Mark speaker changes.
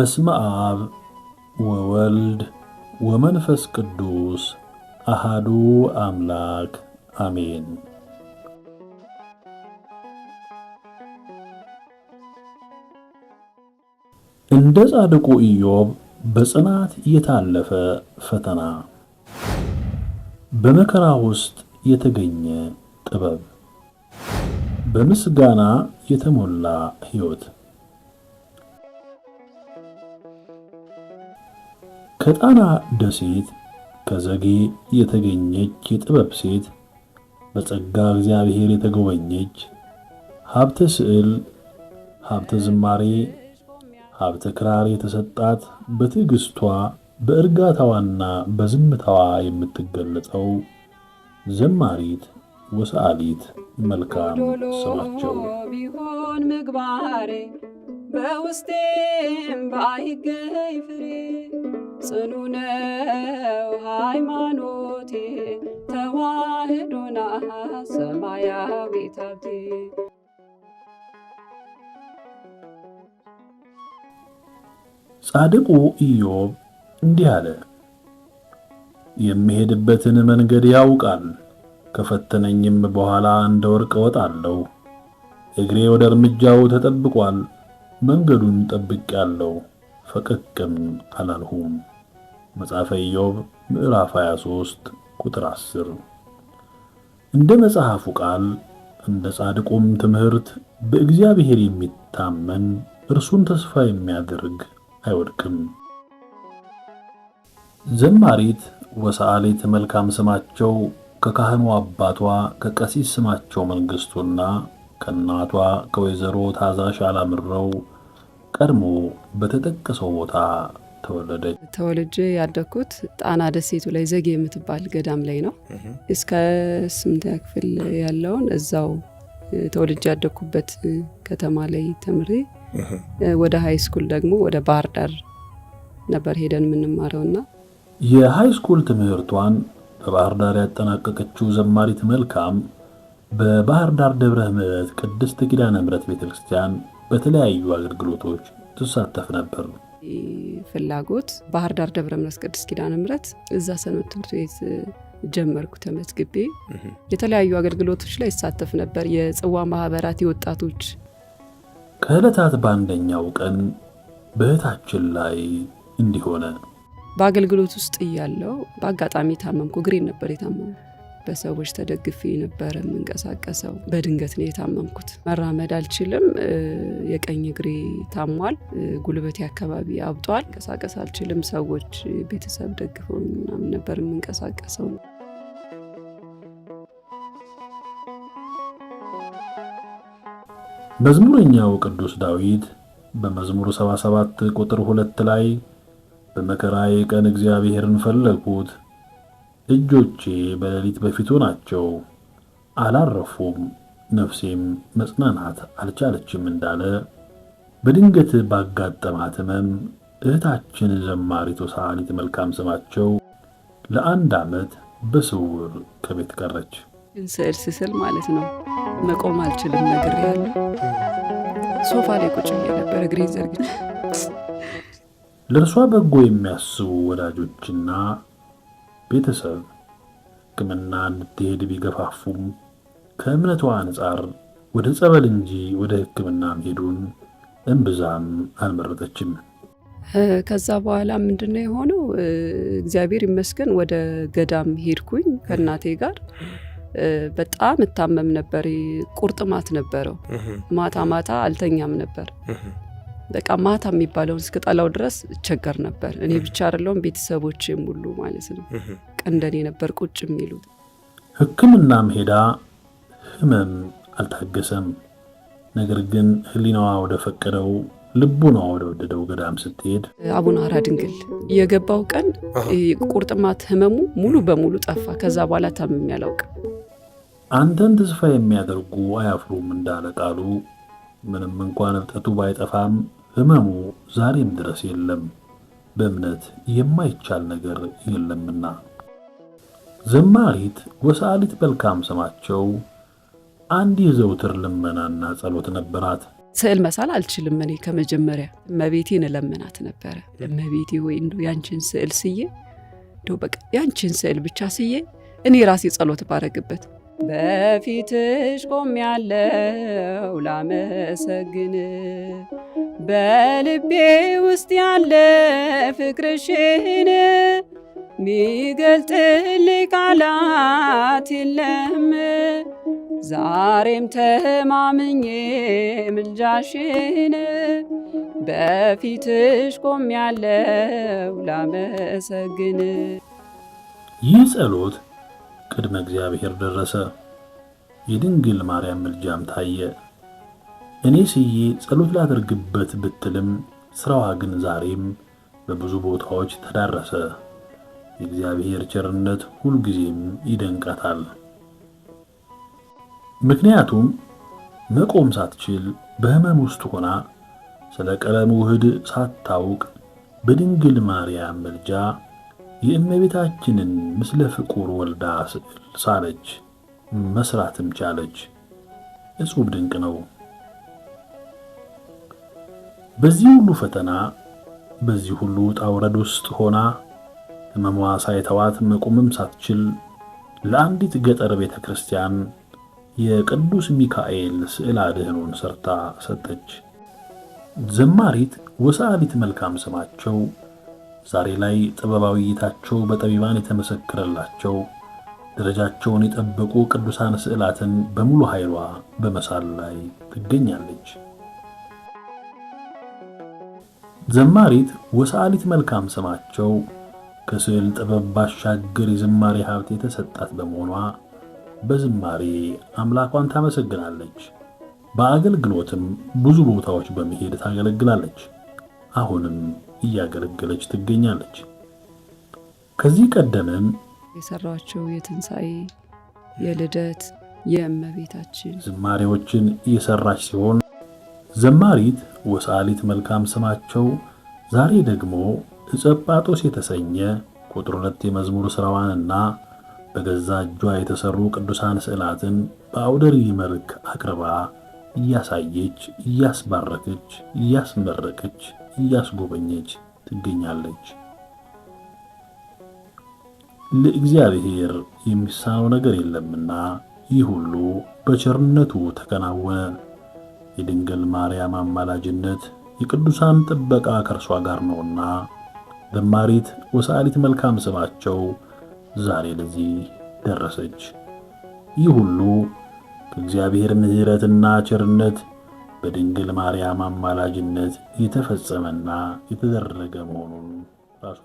Speaker 1: በስመ አብ ወወልድ ወመንፈስ ቅዱስ አሃዱ አምላክ አሜን። እንደ ጻድቁ ኢዮብ በጽናት የታለፈ ፈተና፣ በመከራ ውስጥ የተገኘ ጥበብ፣ በምስጋና የተሞላ ሕይወት ከጣና ደሴት ከዘጌ የተገኘች የጥበብ ሴት በጸጋ እግዚአብሔር የተጎበኘች ሀብተ ስዕል፣ ሀብተ ዝማሬ፣ ሀብተ ክራር የተሰጣት በትዕግስቷ በእርጋታዋና በዝምታዋ የምትገለጸው ዘማሪት ወሰአሊት መልካም ስማቸው በውስጤም ባይገኝ ፍሬ ጽኑ ነው ሃይማኖቴ ተዋህዶና ሰማያዊ ሀብቴ ጻድቁ ኢዮብ እንዲህ አለ። የምሄድበትን መንገድ ያውቃል። ከፈተነኝም በኋላ እንደ ወርቅ እወጣለሁ። እግሬ ወደ እርምጃው ተጠብቋል። መንገዱን ያለው ፈቀቅም አላልሁም። መጽሐፈ ኢዮብ ምዕራፍ 23 ቁጥር 10። እንደ መጽሐፉ ቃል እንደ ጻድቁም ትምህርት በእግዚአብሔር የሚታመን እርሱን ተስፋ የሚያደርግ አይወድቅም። ዘማሪት ወሰዓሌት መልካም ስማቸው ከካህኑ አባቷ ከቀሲስ ስማቸው መንግስቱና ከእናቷ ከወይዘሮ ታዛሽ አላምረው ቀድሞ በተጠቀሰው ቦታ ተወለደ።
Speaker 2: ተወልጄ ያደግኩት ጣና ደሴቱ ላይ ዘጌ የምትባል ገዳም ላይ ነው። እስከ ስምንተኛ ክፍል ያለውን እዛው ተወልጄ ያደግኩበት ከተማ ላይ ተምሬ ወደ ሀይ ስኩል ደግሞ ወደ ባህር ዳር ነበር ሄደን የምንማረውና
Speaker 1: የሀይ ስኩል ትምህርቷን በባህር ዳር ያጠናቀቀችው ዘማሪት መልካም በባህር ዳር ደብረ ምሕረት ቅድስት ኪዳነ ምሕረት ቤተክርስቲያን በተለያዩ አገልግሎቶች ትሳተፍ ነበሩ።
Speaker 2: ፍላጎት ባህር ዳር ደብረ ምረስ ቅድስት ኪዳነ ምረት እዛ ሰንበት ትምህርት ቤት ጀመርኩ ተመዝግቤ። የተለያዩ አገልግሎቶች ላይ ይሳተፍ ነበር፣ የጽዋ ማህበራት፣ የወጣቶች።
Speaker 1: ከእለታት በአንደኛው ቀን በእህታችን ላይ እንዲሆነ
Speaker 2: በአገልግሎት ውስጥ እያለው በአጋጣሚ ታመምኩ። እግሬን ነበር የታመሙ በሰዎች ተደግፌ ነበረ የምንቀሳቀሰው። በድንገት ነው የታመምኩት። መራመድ አልችልም። የቀኝ እግሬ ታሟል። ጉልበቴ አካባቢ አብጧል። እንቀሳቀስ አልችልም። ሰዎች ቤተሰብ ደግፈው ምናምን ነበር የምንቀሳቀሰው።
Speaker 1: መዝሙረኛው ቅዱስ ዳዊት በመዝሙር 77 ቁጥር ሁለት ላይ በመከራዬ ቀን እግዚአብሔርን ፈለግሁት እጆቼ በሌሊት በፊቱ ናቸው አላረፉም፣ ነፍሴም መጽናናት አልቻለችም እንዳለ በድንገት ባጋጠማት ሕመም እህታችን ዘማሪት ሆሳዕናይት መልካም ስማቸው ለአንድ ዓመት በስውር ከቤት ቀረች።
Speaker 2: ስዕል ስስል ማለት ነው መቆም አልችልም። ነገር ያለ ሶፋ ላይ ቁጭ ነበር እግሬ
Speaker 1: ለእርሷ በጎ የሚያስቡ ወዳጆችና ቤተሰብ ሕክምና እንድትሄድ ቢገፋፉም ከእምነቷ አንጻር ወደ ጸበል እንጂ ወደ ሕክምና መሄዱን እምብዛም አልመረጠችም።
Speaker 2: ከዛ በኋላ ምንድነው የሆነው? እግዚአብሔር ይመስገን ወደ ገዳም ሄድኩኝ ከእናቴ ጋር። በጣም እታመም ነበር፣ ቁርጥማት ነበረው። ማታ ማታ አልተኛም ነበር በቃ ማታ የሚባለውን እስክጠላው ድረስ እቸገር ነበር። እኔ ብቻ አይደለሁም ቤተሰቦቼም ሁሉ ማለት ነው። ቀንደኔ ነበር ቁጭ የሚሉት።
Speaker 1: ሕክምናም ሄዳ ህመም አልታገሰም። ነገር ግን ህሊናዋ ወደ ፈቀደው ልቡ ነው ወደ ወደደው ገዳም ስትሄድ
Speaker 2: አቡነ አራ ድንግል የገባው ቀን ቁርጥማት ህመሙ ሙሉ በሙሉ ጠፋ። ከዛ በኋላ ታምሜ አላውቅም።
Speaker 1: አንተን ተስፋ የሚያደርጉ አያፍሩም እንዳለ ቃሉ ምንም እንኳን እብጠቱ ባይጠፋም ህመሙ ዛሬም ድረስ የለም። በእምነት የማይቻል ነገር የለምና። ዘማሪት ወሳሊት በልካም ስማቸው አንድ የዘውትር ልመናና ጸሎት ነበራት።
Speaker 2: ስዕል መሳል አልችልም። እኔ ከመጀመሪያ እመቤቴን እለምናት ነበረ። እመቤቴ ወይ እንዶ ያንቺን ስዕል ስዬ እንዶ በቃ ያንቺን ስዕል ብቻ ስዬ እኔ ራሴ ጸሎት ባረግበት በፊትሽ ቆም ያለው ላመሰግን በልቤ ውስጥ ያለ ፍቅርሽን ሚገልጥልኝ
Speaker 1: ቃላት የለም። ዛሬም ተማምኜ ምልጃሽን በፊትሽ ቆም ያለው ላመሰግን ይህ ጸሎት ቅድመ እግዚአብሔር ደረሰ። የድንግል ማርያም ምልጃም ታየ። እኔ ስዬ ጸሎት ላደርግበት ብትልም ሥራዋ ግን ዛሬም በብዙ ቦታዎች ተዳረሰ። የእግዚአብሔር ቸርነት ሁልጊዜም ይደንቃታል። ምክንያቱም መቆም ሳትችል በሕመም ውስጥ ሆና ስለ ቀለም ውህድ ሳታውቅ በድንግል ማርያም ምልጃ የእመቤታችንን ምስለ ፍቁር ወልዳ ስዕል ሳለች፣ መስራትም ቻለች። እጹብ ድንቅ ነው። በዚህ ሁሉ ፈተና፣ በዚህ ሁሉ ውጣ ውረድ ውስጥ ሆና ህመሟ ሳይተዋት መቆምም ሳትችል ለአንዲት ገጠር ቤተ ክርስቲያን የቅዱስ ሚካኤል ስዕል አድህኖን ሰርታ ሰጠች። ዘማሪት ወሰዓሊት መልካም ስማቸው ዛሬ ላይ ጥበባዊ እይታቸው በጠቢባን የተመሰከረላቸው ደረጃቸውን የጠበቁ ቅዱሳን ስዕላትን በሙሉ ኃይሏ በመሳል ላይ ትገኛለች። ዘማሪት ወሰዓሊት መልካም ስማቸው ከስዕል ጥበብ ባሻገር የዝማሬ ሀብት የተሰጣት በመሆኗ በዝማሬ አምላኳን ታመሰግናለች። በአገልግሎትም ብዙ ቦታዎች በመሄድ ታገለግላለች። አሁንም እያገለገለች ትገኛለች። ከዚህ ቀደምም
Speaker 2: የሰራቸው የትንሣኤ፣ የልደት፣ የእመቤታችን
Speaker 1: ዝማሬዎችን እየሰራች ሲሆን ዘማሪት ወሳሊት መልካም ስማቸው ዛሬ ደግሞ እጸጳጦስ የተሰኘ ቁጥር ሁለት የመዝሙር ሥራዋንና በገዛ እጇ የተሰሩ ቅዱሳን ስዕላትን በአውደሪ መልክ አቅርባ እያሳየች፣ እያስባረከች፣ እያስመረቀች እያስጎበኘች ትገኛለች። ለእግዚአብሔር የሚሳነው ነገር የለምና ይህ ሁሉ በቸርነቱ ተከናወነ። የድንግል ማርያም አማላጅነት የቅዱሳን ጥበቃ ከእርሷ ጋር ነውና ዘማሪት ወሰዓሊት መልካም ስማቸው ዛሬ ለዚህ ደረሰች። ይህ ሁሉ ከእግዚአብሔር ምሕረትና ቸርነት በድንግል ማርያም አማላጅነት የተፈጸመና የተደረገ መሆኑን ራሷ